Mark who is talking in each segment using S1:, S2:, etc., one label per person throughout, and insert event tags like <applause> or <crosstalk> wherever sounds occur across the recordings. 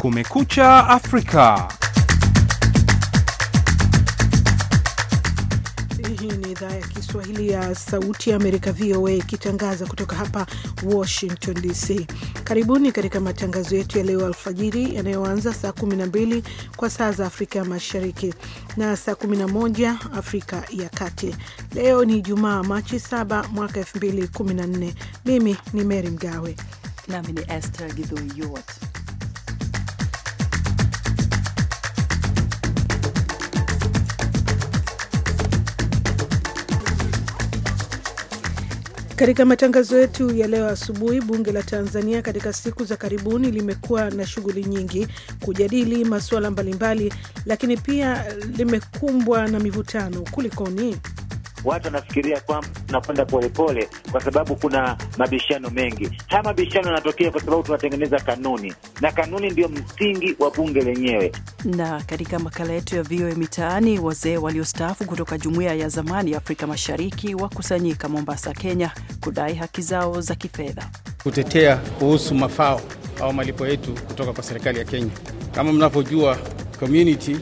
S1: Kumekucha Afrika.
S2: Hii ni idhaa ya Kiswahili ya Sauti ya Amerika, VOA, ikitangaza kutoka hapa Washington DC. Karibuni katika matangazo yetu ya leo alfajiri yanayoanza saa 12 kwa saa za Afrika Mashariki na saa 11 Afrika ya Kati. Leo ni Jumaa, Machi 7 mwaka 2014. Mimi ni Mary Mgawe
S3: nami ni Esther Gidhuiyot
S2: Katika matangazo yetu ya leo asubuhi, bunge la Tanzania katika siku za karibuni limekuwa na shughuli nyingi kujadili masuala mbalimbali, lakini pia limekumbwa na mivutano. Kulikoni?
S4: watu wanafikiria kwamba tunakwenda polepole, kwa sababu kuna mabishano mengi. Haya mabishano yanatokea kwa sababu tunatengeneza kanuni, na kanuni ndio msingi wa bunge lenyewe.
S3: Na katika makala yetu ya VOA Mitaani, wazee waliostaafu kutoka jumuiya ya zamani ya Afrika Mashariki wakusanyika Mombasa, Kenya, kudai haki zao za kifedha,
S5: kutetea kuhusu mafao au malipo yetu kutoka kwa serikali ya Kenya. Kama mnavyojua community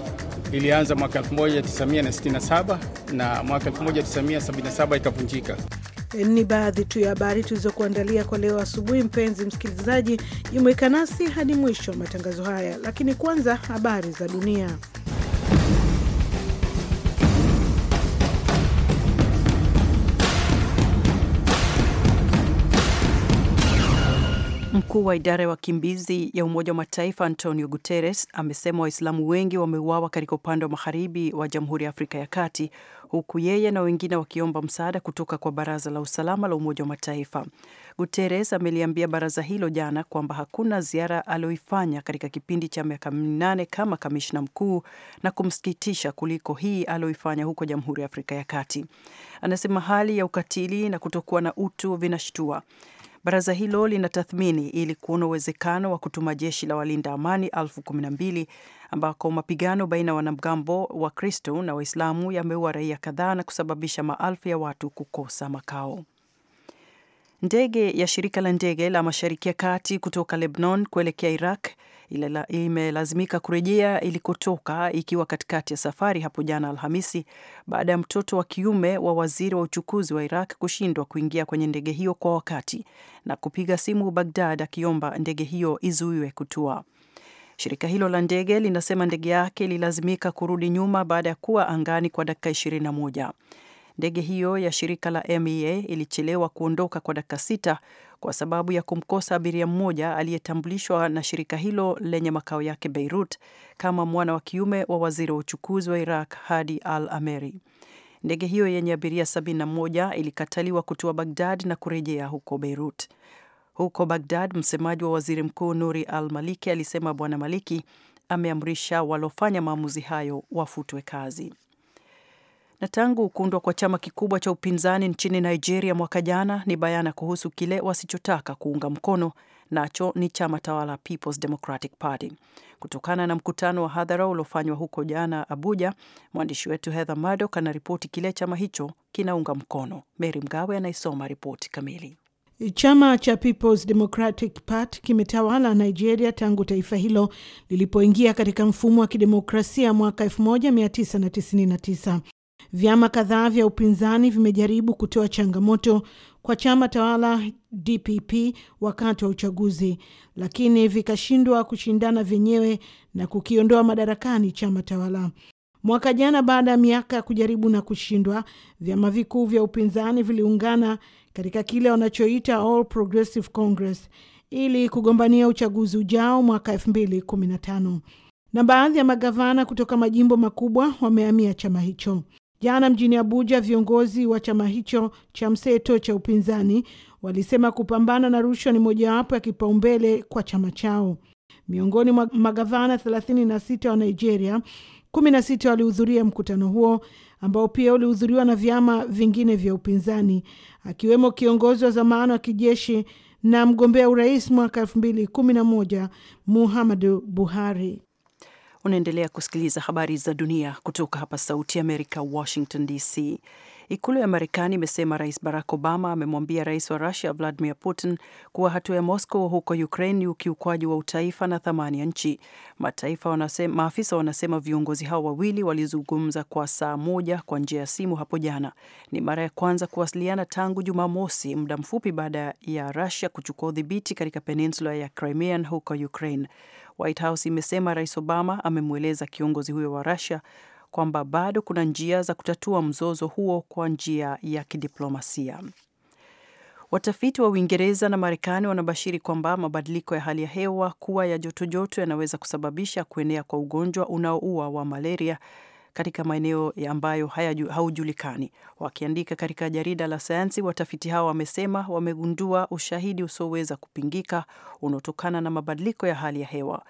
S5: ilianza mwaka 1967 na mwaka 1977 ikavunjika.
S2: Ni baadhi tu ya habari tulizokuandalia kwa leo asubuhi. Mpenzi msikilizaji, jumuika nasi hadi mwisho wa matangazo haya, lakini kwanza habari za dunia.
S3: Mkuu wa idara ya wakimbizi ya Umoja wa Mataifa Antonio Guterres amesema Waislamu wengi wameuawa katika upande wa magharibi wa Jamhuri ya Afrika ya Kati, huku yeye na wengine wakiomba msaada kutoka kwa Baraza la Usalama la Umoja wa Mataifa. Guterres ameliambia baraza hilo jana kwamba hakuna ziara aliyoifanya katika kipindi cha miaka minane kama kamishna mkuu, na kumsikitisha kuliko hii aliyoifanya huko Jamhuri ya Afrika ya Kati. Anasema hali ya ukatili na kutokuwa na utu vinashtua Baraza hilo linatathmini ili kuona uwezekano wa kutuma jeshi la walinda amani elfu kumi na mbili ambako mapigano baina ya wanamgambo wa Kristo na Waislamu yameua raia kadhaa na kusababisha maelfu ya watu kukosa makao. Ndege ya shirika la ndege la Mashariki ya Kati kutoka Lebanon kuelekea Iraq imelazimika kurejea ilikotoka ikiwa katikati ya safari hapo jana Alhamisi baada ya mtoto wa kiume wa waziri wa uchukuzi wa Iraq kushindwa kuingia kwenye ndege hiyo kwa wakati na kupiga simu bagdad akiomba ndege hiyo izuiwe kutua. Shirika hilo la ndege linasema ndege yake ililazimika kurudi nyuma baada ya kuwa angani kwa dakika 21. Ndege hiyo ya shirika la MEA ilichelewa kuondoka kwa dakika sita kwa sababu ya kumkosa abiria mmoja aliyetambulishwa na shirika hilo lenye makao yake Beirut kama mwana wa kiume wa waziri wa uchukuzi wa Iraq Hadi Al Ameri. Ndege hiyo yenye abiria 71 ilikataliwa kutua Bagdad na kurejea huko Beirut. Huko Bagdad, msemaji wa waziri mkuu Nuri Al Maliki alisema Bwana Maliki ameamrisha walofanya maamuzi hayo wafutwe kazi. Na tangu kuundwa kwa chama kikubwa cha upinzani nchini Nigeria mwaka jana, ni bayana kuhusu kile wasichotaka kuunga mkono nacho ni chama tawala People's Democratic Party. Kutokana na mkutano wa hadhara uliofanywa huko jana Abuja, mwandishi wetu Heather Murdock anaripoti kile chama hicho kinaunga mkono. Mary Mgawe anaisoma ripoti kamili.
S2: Chama cha People's Democratic Party kimetawala Nigeria tangu taifa hilo lilipoingia katika mfumo wa kidemokrasia mwaka 1999. Vyama kadhaa vya upinzani vimejaribu kutoa changamoto kwa chama tawala DPP wakati wa uchaguzi, lakini vikashindwa kushindana vyenyewe na kukiondoa madarakani chama tawala. Mwaka jana, baada ya miaka ya kujaribu na kushindwa, vyama vikuu vya upinzani viliungana katika kile wanachoita All Progressive Congress ili kugombania uchaguzi ujao mwaka 2015 na baadhi ya magavana kutoka majimbo makubwa wamehamia chama hicho. Jana mjini Abuja, viongozi wa chama hicho cha mseto cha upinzani walisema kupambana na rushwa ni mojawapo ya kipaumbele kwa chama chao. Miongoni mwa magavana 36 wa Nigeria, 16 walihudhuria mkutano huo ambao pia ulihudhuriwa na vyama vingine vya upinzani, akiwemo kiongozi wa zamani wa kijeshi na mgombea urais mwaka 2011 Muhammadu Buhari.
S3: Unaendelea kusikiliza habari za dunia kutoka hapa Sauti ya Amerika, Washington DC. Ikulu ya Marekani imesema Rais Barack Obama amemwambia rais wa Rusia Vladimir Putin kuwa hatua ya Moscow huko Ukraine ni ukiukwaji wa utaifa na thamani ya nchi. Mataifa wanasema, maafisa wanasema viongozi hao wawili walizungumza kwa saa moja kwa njia ya simu hapo jana. Ni mara ya kwanza kuwasiliana tangu Jumamosi, muda mfupi baada ya Rusia kuchukua udhibiti katika peninsula ya Crimea huko Ukraine. White House imesema Rais Obama amemweleza kiongozi huyo wa Russia kwamba bado kuna njia za kutatua mzozo huo kwa njia ya kidiplomasia. Watafiti wa Uingereza na Marekani wanabashiri kwamba mabadiliko ya hali ya hewa kuwa ya jotojoto yanaweza kusababisha kuenea kwa ugonjwa unaoua wa malaria katika maeneo ambayo haujulikani. Wakiandika katika jarida la sayansi, watafiti hao wamesema wamegundua ushahidi usioweza kupingika unaotokana na mabadiliko ya hali ya hewa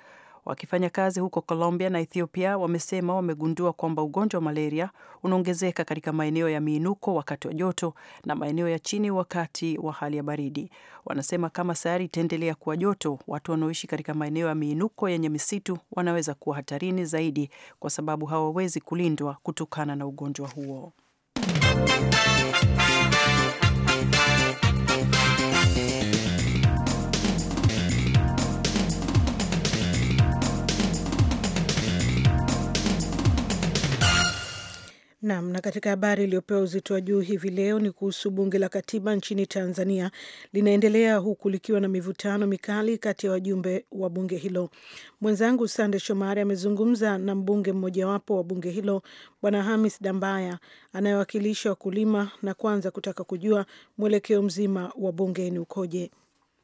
S3: wakifanya kazi huko Colombia na Ethiopia wamesema wamegundua kwamba ugonjwa wa malaria unaongezeka katika maeneo ya miinuko wakati wa joto na maeneo ya chini wakati wa hali ya baridi. Wanasema kama sayari itaendelea kuwa joto, watu wanaoishi katika maeneo ya miinuko yenye misitu wanaweza kuwa hatarini zaidi, kwa sababu hawawezi kulindwa kutokana na ugonjwa huo.
S2: Nam. Na katika habari iliyopewa uzito wa juu hivi leo ni kuhusu bunge la katiba nchini Tanzania linaendelea huku likiwa na mivutano mikali kati ya wajumbe wa bunge hilo. Mwenzangu Sande Shomari amezungumza na mbunge mmojawapo wa bunge hilo Bwana Hamis Dambaya anayewakilisha wakulima, na kwanza kutaka kujua mwelekeo mzima wa bunge ni ukoje.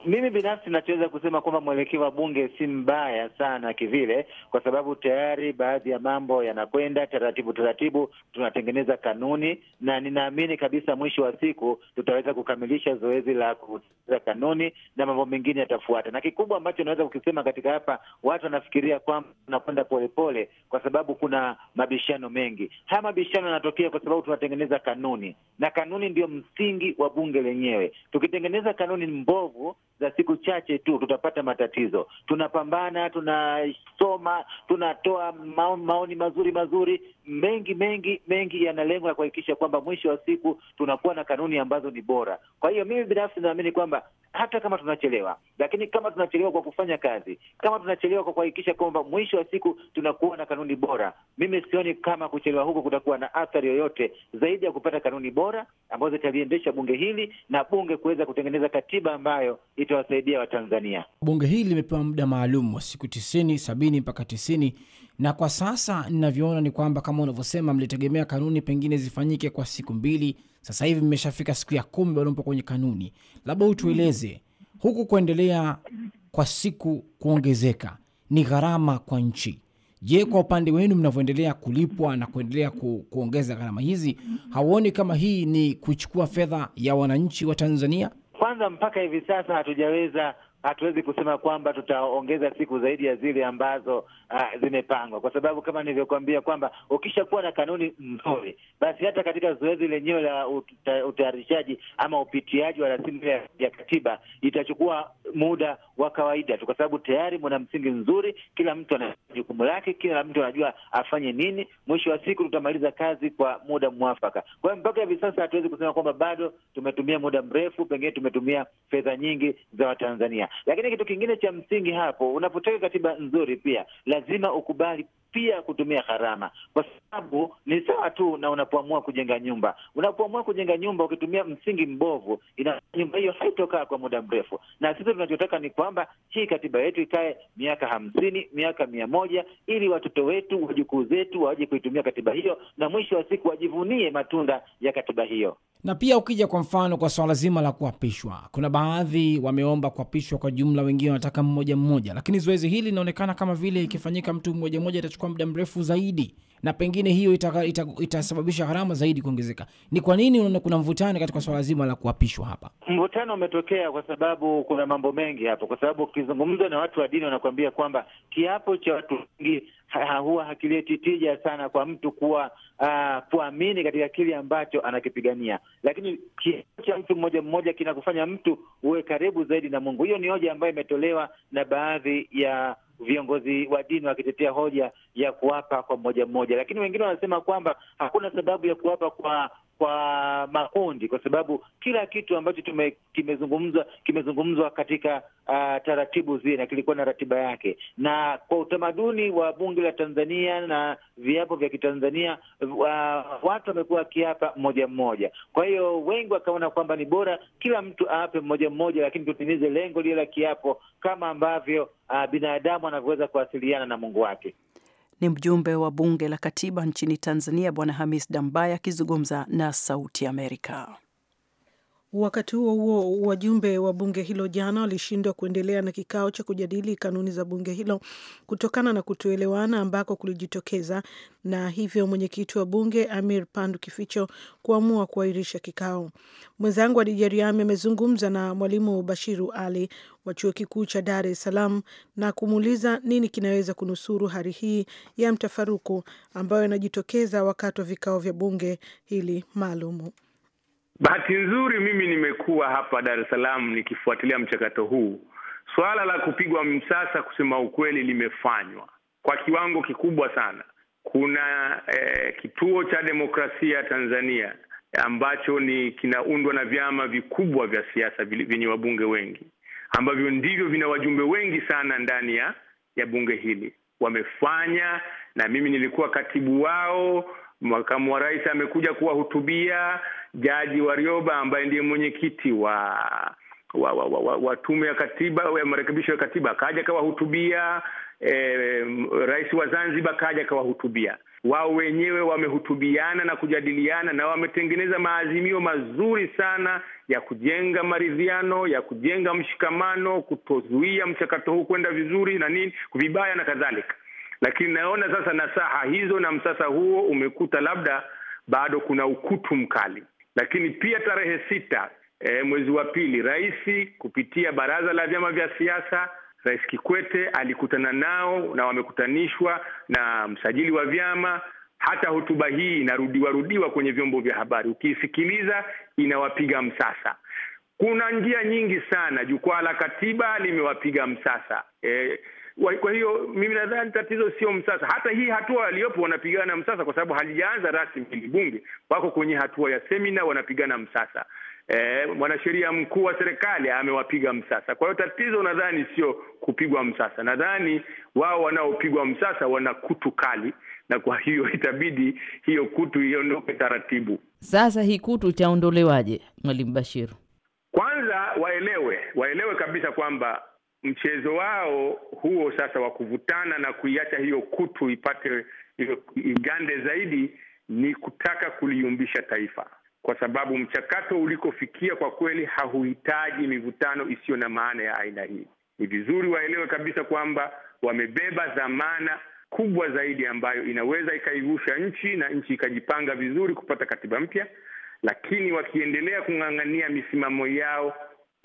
S2: Mimi binafsi
S4: nachoweza kusema kwamba mwelekeo wa bunge si mbaya sana kivile, kwa sababu tayari baadhi ya mambo yanakwenda taratibu taratibu, tunatengeneza kanuni, na ninaamini kabisa mwisho wa siku tutaweza kukamilisha zoezi la kutengeneza kanuni na mambo mengine yatafuata. Na kikubwa ambacho naweza kukisema katika hapa, watu wanafikiria kwamba tunakwenda polepole, kwa sababu kuna mabishano mengi. Haya mabishano yanatokea kwa sababu tunatengeneza kanuni, na kanuni ndio msingi wa bunge lenyewe. Tukitengeneza kanuni mbovu za siku chache tu tutapata matatizo. Tunapambana, tunasoma, tunatoa maoni mazuri mazuri, mengi mengi mengi yana lengo ya kuhakikisha kwamba mwisho wa siku tunakuwa na kanuni ambazo ni bora. Kwa hiyo mimi binafsi naamini kwamba hata kama tunachelewa, lakini kama tunachelewa kwa kufanya kazi, kama tunachelewa kwa kuhakikisha kwamba mwisho wa siku tunakuwa na kanuni bora, mimi sioni kama kuchelewa huko kutakuwa na athari yoyote zaidi ya kupata kanuni bora ambazo italiendesha bunge hili na bunge kuweza kutengeneza katiba ambayo itawasaidia Watanzania.
S6: Bunge hili limepewa muda maalum wa siku tisini, sabini mpaka tisini, na kwa sasa ninavyoona ni kwamba kama unavyosema, mlitegemea kanuni pengine zifanyike kwa siku mbili, sasa hivi mmeshafika siku ya kumi, bado mpo kwenye kanuni. Labda utueleze huku kuendelea kwa siku kuongezeka ni gharama kwa nchi. Je, kwa upande wenu mnavyoendelea kulipwa na kuendelea ku, kuongeza gharama hizi, hauoni kama hii ni kuchukua fedha ya wananchi wa Tanzania?
S4: Kwanza mpaka hivi sasa hatujaweza hatuwezi kusema kwamba tutaongeza siku zaidi ya zile ambazo uh, zimepangwa, kwa sababu kama nilivyokuambia kwamba ukishakuwa na kanuni nzuri, basi hata katika zoezi lenyewe la utayarishaji ama upitiaji wa rasimu ya katiba itachukua muda wa kawaida tu, kwa sababu tayari mwana msingi mzuri, kila mtu ana jukumu lake, kila mtu anajua afanye nini. Mwisho wa siku tutamaliza kazi kwa muda mwafaka. Kwa hiyo mpaka hivi sasa hatuwezi kusema kwamba bado tumetumia muda mrefu, pengine tumetumia fedha nyingi za Watanzania. Lakini kitu kingine cha msingi hapo, unapotaka katiba nzuri, pia lazima ukubali pia kutumia gharama, kwa sababu ni sawa tu na unapoamua kujenga nyumba. Unapoamua kujenga nyumba ukitumia msingi mbovu, ina nyumba hiyo haitokaa kwa muda mrefu. Na sisi tunachotaka ni kwamba hii katiba yetu ikae miaka hamsini, miaka mia moja, ili watoto wetu, wajukuu zetu waje kuitumia katiba hiyo, na mwisho wa siku wajivunie matunda ya katiba hiyo.
S6: Na pia ukija kwa mfano kwa swala zima la kuapishwa, kuna baadhi wameomba kuapishwa kwa jumla, wengine wanataka mmoja mmoja, lakini zoezi hili linaonekana kama vile ikifanyika mtu mmoja mmoja itachukua kwa muda mrefu zaidi, na pengine hiyo itasababisha ita, ita gharama zaidi kuongezeka. Ni kwa nini unaona kuna mvutano katika swala zima la kuapishwa hapa?
S4: Mvutano umetokea kwa sababu kuna mambo mengi hapo, kwa sababu ukizungumza na watu wa dini wanakuambia kwamba kiapo cha watu wengi ha, huwa hakileti tija sana kwa mtu kuwa uh, kuamini katika kile ambacho anakipigania, lakini kiocha cha mtu mmoja mmoja kinakufanya mtu uwe karibu zaidi na Mungu. Hiyo ni hoja ambayo imetolewa na baadhi ya viongozi wa dini wakitetea hoja ya kuapa kwa mmoja mmoja, lakini wengine wanasema kwamba hakuna sababu ya kuapa kwa kwa makundi, kwa sababu kila kitu ambacho kimezungumzwa kimezungumzwa katika uh, taratibu zile, na kilikuwa na ratiba yake, na kwa utamaduni wa bunge la Tanzania na viapo vya Kitanzania uh, watu wamekuwa wakiapa mmoja mmoja. Kwa hiyo wengi wakaona kwamba ni bora kila mtu aape mmoja mmoja, lakini tutimize lengo lile la kiapo kama ambavyo uh, binadamu anavyoweza kuwasiliana na Mungu wake.
S3: Ni mjumbe wa bunge la katiba nchini Tanzania Bwana Hamis Dambaya akizungumza na Sauti Amerika.
S2: Wakati huo huo, wajumbe wa bunge hilo jana walishindwa kuendelea na kikao cha kujadili kanuni za bunge hilo kutokana na kutoelewana ambako kulijitokeza, na hivyo mwenyekiti wa bunge Amir Pandu Kificho kuamua kuahirisha kikao. Mwenzangu Adija Riami amezungumza na mwalimu Bashiru Ali wa chuo kikuu cha Dar es Salaam na kumuuliza nini kinaweza kunusuru hali hii ya mtafaruku ambayo inajitokeza wakati wa vikao vya bunge hili maalumu.
S7: Bahati nzuri mimi nimekuwa hapa Dar es Salaam nikifuatilia mchakato huu. Swala la kupigwa msasa, kusema ukweli, limefanywa kwa kiwango kikubwa sana. Kuna eh, kituo cha demokrasia Tanzania ambacho ni kinaundwa na vyama vikubwa vya siasa vyenye wabunge wengi ambavyo ndivyo vina wajumbe wengi sana ndani ya ya bunge hili. Wamefanya na mimi nilikuwa katibu wao. Makamu wa rais amekuja kuwahutubia Jaji Warioba ambaye ndiye mwenyekiti wa wa, wa, wa, wa, wa tume ya katiba ya marekebisho ya katiba akaja akawahutubia. E, rais wa Zanzibar akaja akawahutubia. Wao wenyewe wamehutubiana na kujadiliana na wametengeneza maazimio mazuri sana ya kujenga maridhiano, ya kujenga mshikamano, kutozuia mchakato huu kwenda vizuri na nini vibaya na kadhalika. Lakini naona sasa nasaha hizo na msasa huo umekuta labda bado kuna ukutu mkali. Lakini pia tarehe sita e, mwezi wa pili, rais kupitia baraza la vyama vya siasa Rais Kikwete alikutana nao na wamekutanishwa na msajili wa vyama. Hata hotuba hii inarudiwa rudiwa kwenye vyombo vya habari, ukiisikiliza inawapiga msasa. Kuna njia nyingi sana, jukwaa la katiba limewapiga msasa e, kwa hiyo mimi nadhani tatizo sio Msasa. Hata hii hatua waliopo wanapigana Msasa kwa sababu halijaanza rasmi hili bunge, wako kwenye hatua ya semina, wanapigana Msasa. E, mwanasheria mkuu wa serikali amewapiga Msasa. Kwa hiyo tatizo nadhani sio kupigwa Msasa, nadhani wao wanaopigwa Msasa wana kutu kali, na kwa hiyo <laughs> itabidi hiyo kutu iondoke taratibu.
S2: Sasa hii kutu itaondolewaje, Mwalimu Bashiru?
S7: Kwanza waelewe, waelewe kabisa kwamba mchezo wao huo sasa wa kuvutana na kuiacha hiyo kutu ipate igande zaidi ni kutaka kuliumbisha taifa, kwa sababu mchakato ulikofikia kwa kweli hauhitaji mivutano isiyo na maana ya aina hii. Ni vizuri waelewe kabisa kwamba wamebeba dhamana kubwa zaidi ambayo inaweza ikaigusha nchi na nchi ikajipanga vizuri kupata katiba mpya, lakini wakiendelea kung'ang'ania misimamo yao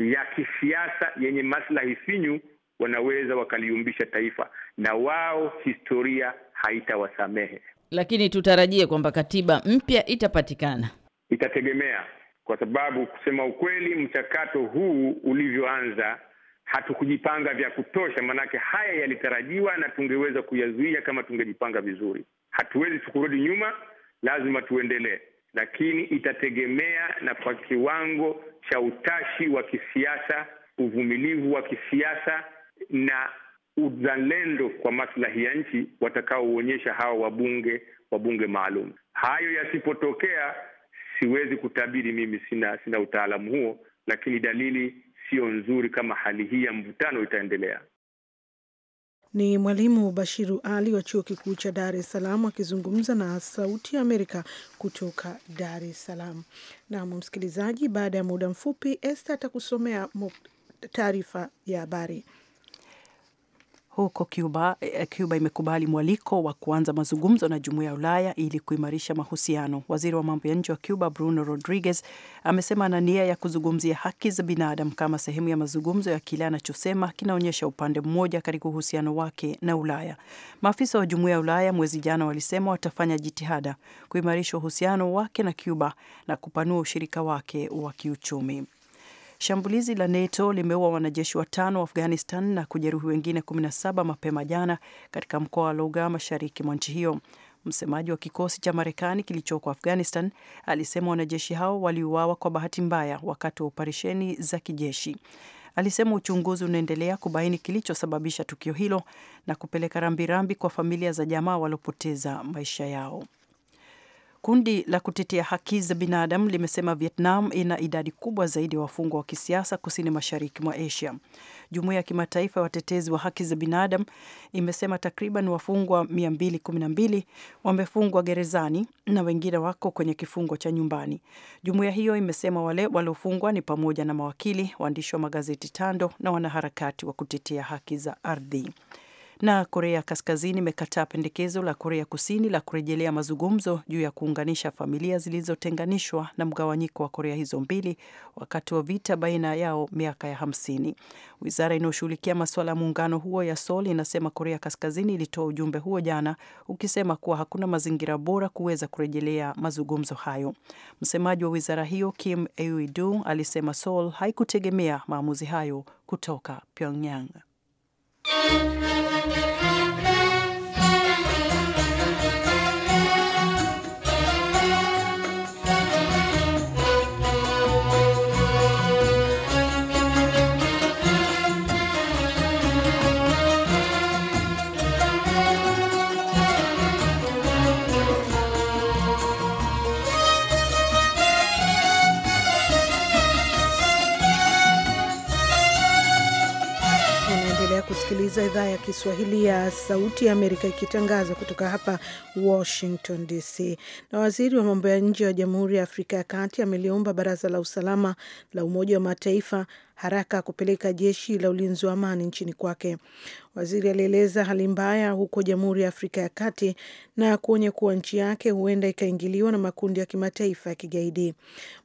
S7: ya kisiasa yenye maslahi finyu wanaweza wakaliumbisha taifa, na wao historia haitawasamehe.
S2: Lakini tutarajie kwamba katiba mpya itapatikana,
S7: itategemea, kwa sababu kusema ukweli, mchakato huu ulivyoanza hatukujipanga vya kutosha, maanake haya yalitarajiwa na tungeweza kuyazuia kama tungejipanga vizuri. Hatuwezi tukurudi nyuma, lazima tuendelee, lakini itategemea na kwa kiwango cha utashi wa kisiasa, uvumilivu wa kisiasa na uzalendo kwa maslahi ya nchi watakaoonyesha hawa wabunge wabunge maalum. Hayo yasipotokea, siwezi kutabiri mimi, sina sina utaalamu huo, lakini dalili sio nzuri kama hali hii ya mvutano itaendelea.
S2: Ni Mwalimu Bashiru Ali wa Chuo Kikuu cha Dar es Salaam akizungumza na Sauti ya Amerika kutoka Dar es Salaam. Nam msikilizaji, baada ya muda mfupi Esther atakusomea taarifa ya habari
S3: huko Cuba, eh, Cuba imekubali mwaliko wa kuanza mazungumzo na jumuiya ya Ulaya ili kuimarisha mahusiano. Waziri wa mambo ya nje wa Cuba Bruno Rodriguez amesema ana nia ya kuzungumzia haki za binadamu kama sehemu ya mazungumzo ya kile anachosema kinaonyesha upande mmoja katika uhusiano wake na Ulaya. Maafisa wa jumuiya ya Ulaya mwezi jana walisema watafanya jitihada kuimarisha uhusiano wake na Cuba na kupanua ushirika wake wa kiuchumi. Shambulizi la NATO limeua wanajeshi watano wa Afghanistan na kujeruhi wengine 17 mapema jana katika mkoa wa lugha mashariki mwa nchi hiyo. Msemaji wa kikosi cha Marekani kilichoko Afghanistan alisema wanajeshi hao waliuawa kwa bahati mbaya wakati wa operesheni za kijeshi. Alisema uchunguzi unaendelea kubaini kilichosababisha tukio hilo na kupeleka rambirambi kwa familia za jamaa waliopoteza maisha yao. Kundi la kutetea haki za binadamu limesema Vietnam ina idadi kubwa zaidi ya wafungwa wa kisiasa kusini mashariki mwa Asia. Jumuiya ya kimataifa ya watetezi wa haki za binadamu imesema takriban wafungwa 212 wamefungwa gerezani na wengine wako kwenye kifungo cha nyumbani. Jumuiya hiyo imesema wale waliofungwa ni pamoja na mawakili, waandishi wa magazeti tando na wanaharakati wa kutetea haki za ardhi na Korea Kaskazini imekataa pendekezo la Korea Kusini la kurejelea mazungumzo juu ya kuunganisha familia zilizotenganishwa na mgawanyiko wa Korea hizo mbili wakati wa vita baina yao miaka ya hamsini. Wizara inayoshughulikia masuala ya muungano huo ya Seoul inasema Korea Kaskazini ilitoa ujumbe huo jana ukisema kuwa hakuna mazingira bora kuweza kurejelea mazungumzo hayo. Msemaji wa wizara hiyo Kim eui alisema Seoul haikutegemea maamuzi hayo kutoka Pyongyang.
S2: Thank you. kusikiliza idhaa ya Kiswahili ya Sauti ya Amerika ikitangaza kutoka hapa Washington DC. Na waziri wa mambo ya nje wa Jamhuri ya Afrika ya Kati ameliomba Baraza la Usalama la Umoja wa Mataifa haraka kupeleka jeshi la ulinzi wa amani nchini kwake. Waziri alieleza hali mbaya huko Jamhuri ya Afrika ya Kati na kuonya kuwa nchi yake huenda ikaingiliwa na makundi ya kimataifa ya kigaidi.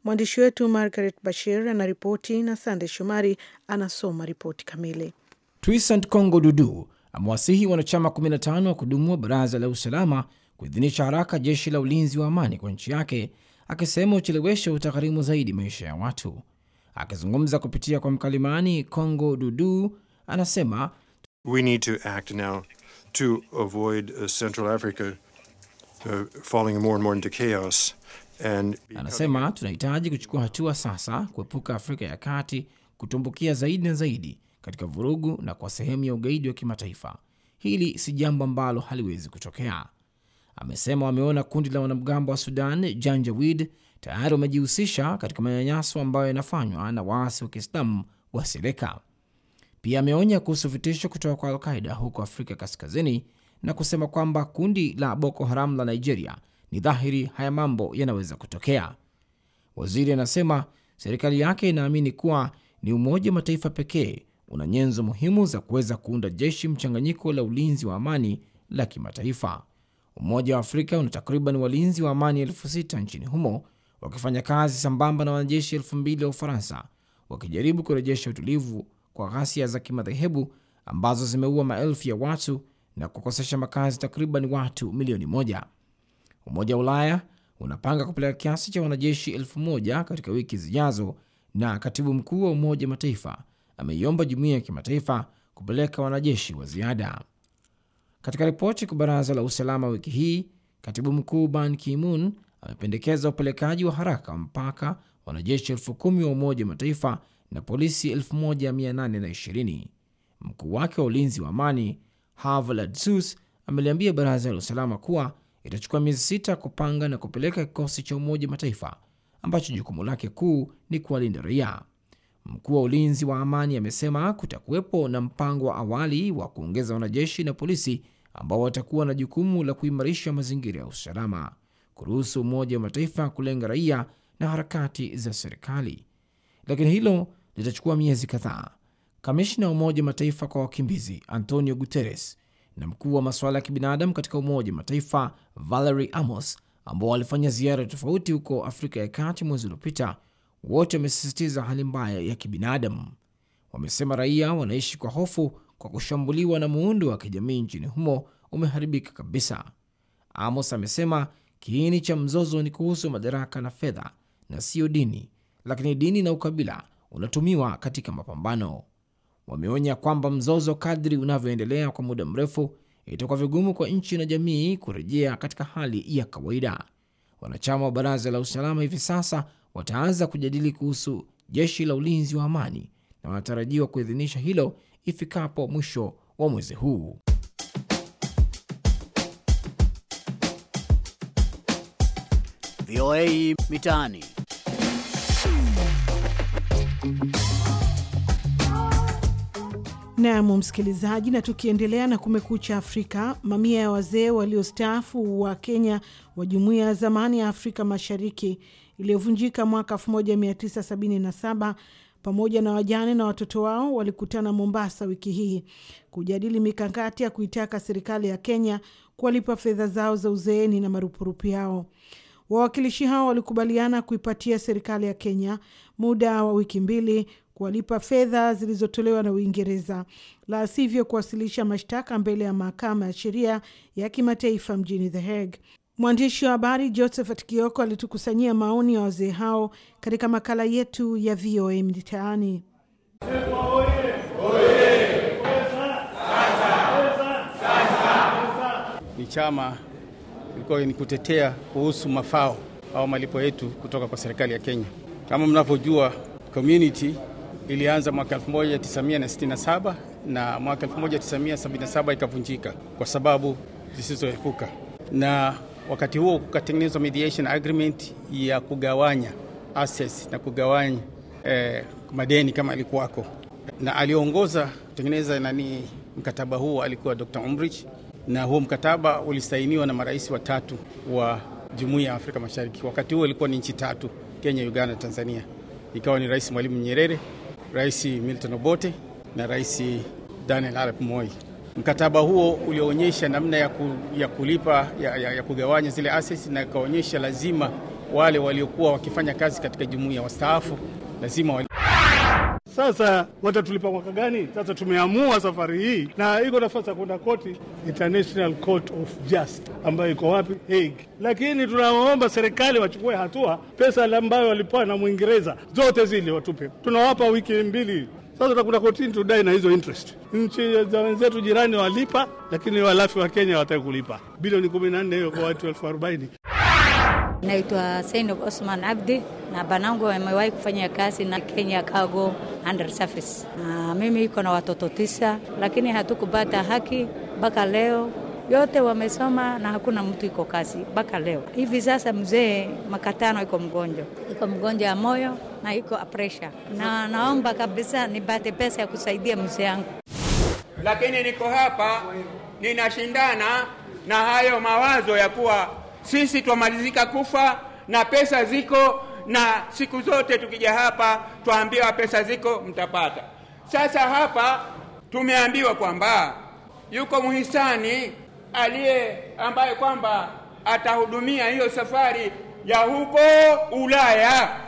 S2: Mwandishi wetu Margaret Bashir anaripoti na Sande Shomari anasoma ripoti kamili.
S6: Twisant congo Dudu amewasihi wanachama 15 wa kudumu wa baraza la usalama kuidhinisha haraka jeshi la ulinzi wa amani kwa nchi yake, akisema uchelewesho utagharimu zaidi maisha ya watu. Akizungumza kupitia kwa mkalimani, congo Dudu
S2: anasema We need to act now to avoid uh, Central Africa uh, falling more and more into chaos. And... anasema
S6: tunahitaji kuchukua hatua sasa kuepuka Afrika ya Kati kutumbukia zaidi na zaidi katika vurugu na kwa sehemu ya ugaidi wa kimataifa. Hili si jambo ambalo haliwezi kutokea, amesema. Wameona kundi la wanamgambo wa Sudan Janjawid tayari wamejihusisha katika manyanyaso ambayo yanafanywa na waasi wa Kiislamu wa Seleka. Pia ameonya kuhusu vitisho kutoka kwa Alqaida huko Afrika Kaskazini na kusema kwamba kundi la Boko Haram la Nigeria ni dhahiri haya mambo yanaweza kutokea. Waziri anasema serikali yake inaamini kuwa ni Umoja wa Mataifa pekee una nyenzo muhimu za kuweza kuunda jeshi mchanganyiko la ulinzi wa amani la kimataifa. Umoja wa Afrika una takriban walinzi wa amani elfu sita nchini humo wakifanya kazi sambamba na wanajeshi elfu mbili wa Ufaransa wakijaribu kurejesha utulivu kwa ghasia za kimadhehebu ambazo zimeua maelfu ya watu na kukosesha makazi takriban watu milioni moja. Umoja wa Ulaya unapanga kupeleka kiasi cha wanajeshi elfu moja katika wiki zijazo, na katibu mkuu wa Umoja Mataifa ameiomba jumuiya ya kimataifa kupeleka wanajeshi wa ziada. Katika ripoti kwa baraza la usalama wiki hii, katibu mkuu Ban Ki-moon amependekeza upelekaji wa haraka wa mpaka wanajeshi elfu kumi wa Umoja wa Mataifa na polisi 1820. Mkuu wake wa ulinzi wa amani Havolad Sus ameliambia baraza la usalama kuwa itachukua miezi sita kupanga na kupeleka kikosi cha Umoja Mataifa ambacho jukumu lake kuu ni kuwalinda raia. Mkuu wa ulinzi wa amani amesema kutakuwepo na mpango wa awali wa kuongeza wanajeshi na polisi ambao watakuwa na jukumu la kuimarisha mazingira ya usalama, kuruhusu Umoja wa Mataifa kulenga raia na harakati za serikali, lakini hilo litachukua miezi kadhaa. Kamishna wa Umoja wa Mataifa kwa wakimbizi Antonio Guterres na mkuu wa masuala ya kibinadamu katika Umoja wa Mataifa Valerie Amos ambao walifanya ziara tofauti huko Afrika ya Kati mwezi uliopita wote wamesisitiza hali mbaya ya kibinadamu. Wamesema raia wanaishi kwa hofu kwa kushambuliwa na muundo wa kijamii nchini humo umeharibika kabisa. Amos amesema kiini cha mzozo ni kuhusu madaraka na fedha na siyo dini, lakini dini na ukabila unatumiwa katika mapambano. Wameonya kwamba mzozo kadri unavyoendelea kwa muda mrefu, itakuwa vigumu kwa nchi na jamii kurejea katika hali ya kawaida. Wanachama wa baraza la usalama hivi sasa wataanza kujadili kuhusu jeshi la ulinzi wa amani na wanatarajiwa kuidhinisha hilo ifikapo mwisho wa mwezi huu.
S8: VOA Mitaani.
S2: Nam msikilizaji, na tukiendelea na Kumekucha Afrika, mamia ya wazee waliostaafu wa Kenya wa jumuia ya zamani ya Afrika Mashariki iliyovunjika mwaka 1977 pamoja na wajane na watoto wao walikutana Mombasa wiki hii kujadili mikakati ya kuitaka serikali ya Kenya kuwalipa fedha zao za uzeeni na marupurupu yao. Wawakilishi hao walikubaliana kuipatia serikali ya Kenya muda wa wiki mbili kuwalipa fedha zilizotolewa na Uingereza, la sivyo kuwasilisha mashtaka mbele ya mahakama ya sheria ya kimataifa mjini The Hague. Mwandishi wa habari Josephat Kioko alitukusanyia maoni ya wazee hao katika makala yetu ya VOA Mitaani.
S5: Ni chama ilikuwa ni kutetea kuhusu mafao au malipo yetu kutoka kwa serikali ya Kenya. Kama mnavyojua, community ilianza mwaka 1967 na mwaka 1977 ikavunjika kwa sababu zisizoepuka na Wakati huo kukatengenezwa mediation agreement ya kugawanya assets na kugawanya eh, madeni kama alikuwako, na aliongoza kutengeneza nani mkataba huo alikuwa Dr. Umbridge, na huo mkataba ulisainiwa na marais watatu wa Jumuiya ya Afrika Mashariki. Wakati huo ilikuwa ni nchi tatu, Kenya, Uganda, Tanzania. Ikawa ni Rais Mwalimu Nyerere, Rais Milton Obote na Rais Daniel Arap Moi. Mkataba huo ulioonyesha namna ya, ku, ya kulipa ya, ya, ya kugawanya zile assets na ikaonyesha lazima wale waliokuwa wakifanya kazi katika jumuiya wastaafu lazima wali... Sasa watatulipa mwaka gani? Sasa tumeamua safari hii, na iko nafasi ya kwenda koti, International Court of Justice ambayo iko wapi? Hague. Lakini tunawaomba serikali wachukue hatua, pesa ambayo walipewa na Mwingereza zote zile watupe, tunawapa wiki mbili sasa tutakuta continue to na hizo interest. Nchi za wenzetu jirani walipa, lakini walafi wa Kenya hawataki kulipa bilioni 14 hiyo kwa watu elfu arobaini.
S2: Naitwa Zainab Osman Abdi na banangu amewahi kufanya kazi na Kenya Cargo Undersurface. Na mimi iko na watoto tisa, lakini hatukupata haki mpaka leo. Yote wamesoma na hakuna mtu iko kazi mpaka leo hivi. Sasa mzee Makatano iko mgonjwa, iko mgonjwa ya moyo na iko presha, na naomba kabisa nipate pesa ya kusaidia mzee yangu.
S1: lakini niko hapa ninashindana na hayo mawazo ya kuwa sisi twamalizika kufa na pesa ziko, na siku zote tukija hapa twaambiwa pesa ziko, mtapata. Sasa hapa tumeambiwa kwamba yuko muhisani aliye ambaye kwamba atahudumia hiyo safari ya huko Ulaya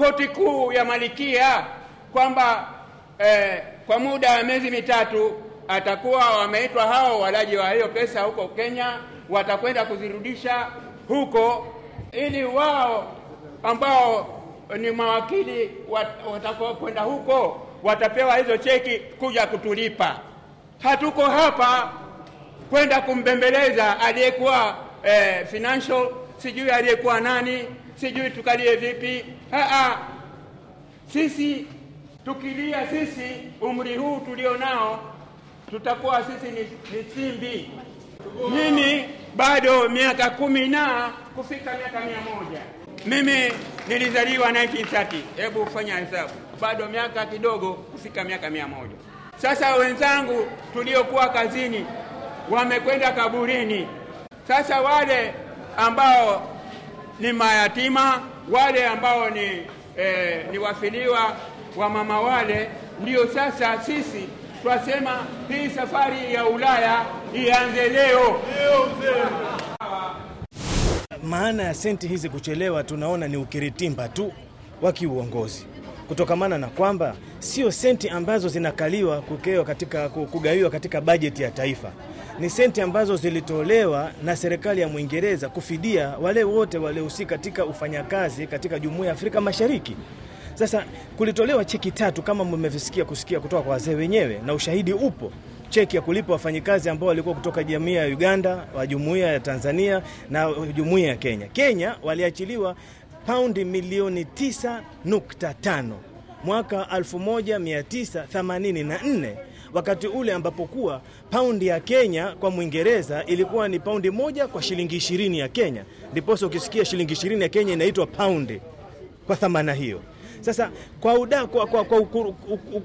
S1: koti kuu ya Malikia kwamba eh, kwa muda wa miezi mitatu atakuwa wameitwa hao walaji wa hiyo pesa huko Kenya, watakwenda kuzirudisha huko ili wao ambao ni mawakili watakwenda huko watapewa hizo cheki kuja kutulipa. Hatuko hapa kwenda kumbembeleza aliyekuwa eh, financial sijui aliyekuwa nani sijui tukalie vipi. Ha-ha. sisi tukilia sisi umri huu tulio nao tutakuwa sisi ni, ni simbi. Mimi bado miaka kumi na kufika miaka mia moja. Mimi nilizaliwa 1930 hebu fanya hesabu, bado miaka kidogo kufika miaka mia moja. Sasa wenzangu tuliokuwa kazini wamekwenda kaburini. Sasa wale ambao ni mayatima wale ambao ni, eh, ni wafiliwa wa mama wale. ndio sasa sisi twasema hii safari ya Ulaya ianze leo.
S8: Maana ya senti hizi kuchelewa, tunaona ni ukiritimba tu wa kiuongozi kutokamana na kwamba sio senti ambazo zinakaliwa kukewa katika kugawiwa katika bajeti ya taifa ni senti ambazo zilitolewa na serikali ya Mwingereza kufidia wale wote waliohusika katika ufanyakazi katika Jumuiya ya Afrika Mashariki. Sasa kulitolewa cheki tatu kama mmevisikia kusikia kutoka kwa wazee wenyewe, na ushahidi upo cheki ya kulipa wafanyikazi ambao walikuwa kutoka jamii ya Uganda, wa jumuiya ya Tanzania na jumuiya ya Kenya. Kenya waliachiliwa paundi milioni 9.5 mwaka 1984 wakati ule ambapo kuwa paundi ya Kenya kwa Mwingereza ilikuwa ni paundi moja kwa shilingi ishirini ya Kenya, ndiposa ukisikia shilingi ishirini ya Kenya inaitwa paundi kwa thamana hiyo. Sasa kwa, uda, kwa, kwa, kwa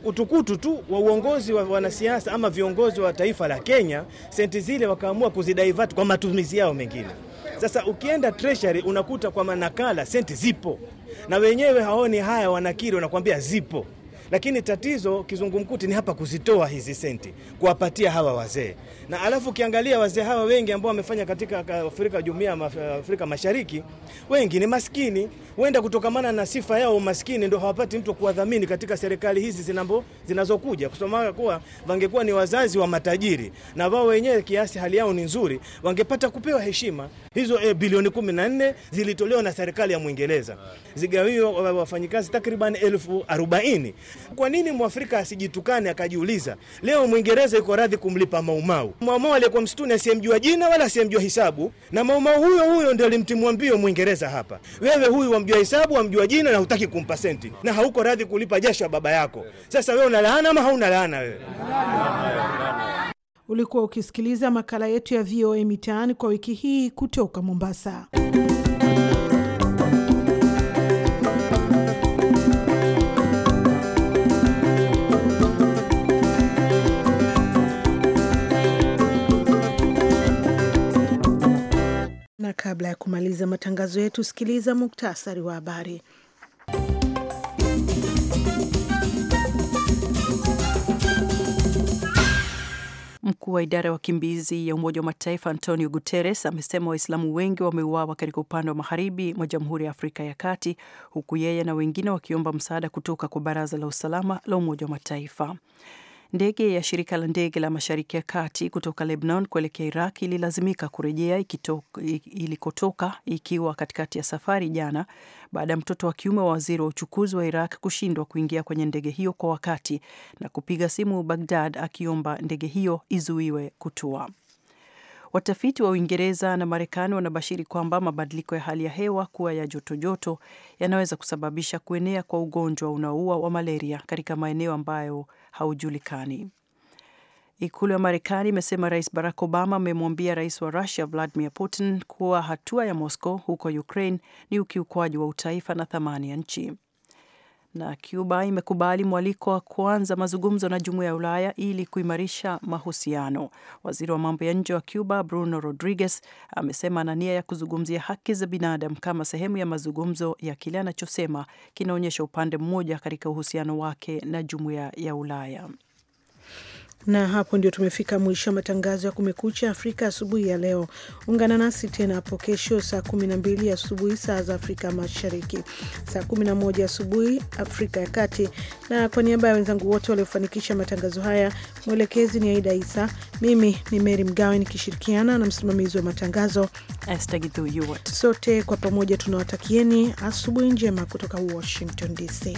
S8: utukutu tu wa uongozi wa wanasiasa ama viongozi wa taifa la Kenya, senti zile wakaamua kuzidivert kwa matumizi yao mengine. Sasa ukienda treasury unakuta kwa manakala senti zipo, na wenyewe haoni haya, wanakiri wanakuambia zipo. Lakini tatizo kizungumkuti ni hapa kuzitoa hizi senti kuwapatia hawa wazee, na alafu ukiangalia wazee hawa wengi ambao wamefanya katika Afrika, jumuiya ya Afrika Mashariki, wengi ni maskini, huenda kutokamana na sifa yao maskini ndio hawapati mtu kuwadhamini katika serikali hizi zinambo zinazokuja, kusoma kuwa wangekuwa ni wazazi wa matajiri na wao wenyewe kiasi hali yao ni nzuri, wangepata kupewa heshima hizo. E, bilioni 14 zilitolewa na serikali ya Mwingereza, zigawiwa wafanyikazi takriban elfu arobaini kwa nini mwafrika asijitukane akajiuliza? Leo mwingereza yuko radhi kumlipa Maumau, Maumau aliyekuwa msituni asiyemjua jina wala asiyemjua hisabu, na Maumau huyo huyo ndio alimtimua mbio mwingereza hapa. Wewe huyu wamjua hisabu, wamjua jina, na hutaki kumpa senti, na hauko radhi kulipa jasho ya baba yako. Sasa wewe una laana ama hauna laana wewe?
S2: Ulikuwa ukisikiliza makala yetu ya VOA Mitaani kwa wiki hii kutoka Mombasa. kabla ya kumaliza matangazo yetu, sikiliza muktasari wa habari.
S3: Mkuu wa idara ya wakimbizi ya Umoja wa Mataifa Antonio Guterres amesema Waislamu wengi wameuawa katika upande wa magharibi mwa Jamhuri ya Afrika ya Kati, huku yeye na wengine wakiomba msaada kutoka kwa Baraza la Usalama la Umoja wa Mataifa. Ndege ya shirika la ndege la Mashariki ya Kati kutoka Lebanon kuelekea Iraq ililazimika kurejea ilikotoka ikiwa katikati ya safari jana baada ya mtoto wa kiume wa waziri wa uchukuzi wa Iraq kushindwa kuingia kwenye ndege hiyo kwa wakati na kupiga simu bagdad akiomba ndege hiyo izuiwe kutua. Watafiti wa Uingereza na Marekani wanabashiri kwamba mabadiliko ya hali ya hewa kuwa ya jotojoto yanaweza kusababisha kuenea kwa ugonjwa unaoua wa malaria katika maeneo ambayo haujulikani. Ikulu ya Marekani imesema Rais Barack Obama amemwambia rais wa Russia Vladimir Putin kuwa hatua ya Moscow huko Ukraine ni ukiukwaji wa utaifa na thamani ya nchi na Cuba imekubali mwaliko wa kuanza mazungumzo na jumuiya ya Ulaya ili kuimarisha mahusiano. Waziri wa mambo ya nje wa Cuba, Bruno Rodriguez, amesema ana nia ya kuzungumzia haki za binadamu kama sehemu ya mazungumzo ya kile anachosema kinaonyesha upande mmoja katika uhusiano wake na jumuiya ya Ulaya.
S2: Na hapo ndio tumefika mwisho wa matangazo ya Kumekucha Afrika asubuhi ya leo. Ungana nasi tena hapo kesho saa 12 asubuhi saa za Afrika Mashariki, saa 11 asubuhi Afrika ya Kati. Na kwa niaba ya wenzangu wote waliofanikisha matangazo haya, mwelekezi ni Aida Isa, mimi ni Mary Mgawe nikishirikiana na msimamizi wa matangazo Sote kwa pamoja tunawatakieni asubuhi njema kutoka Washington DC.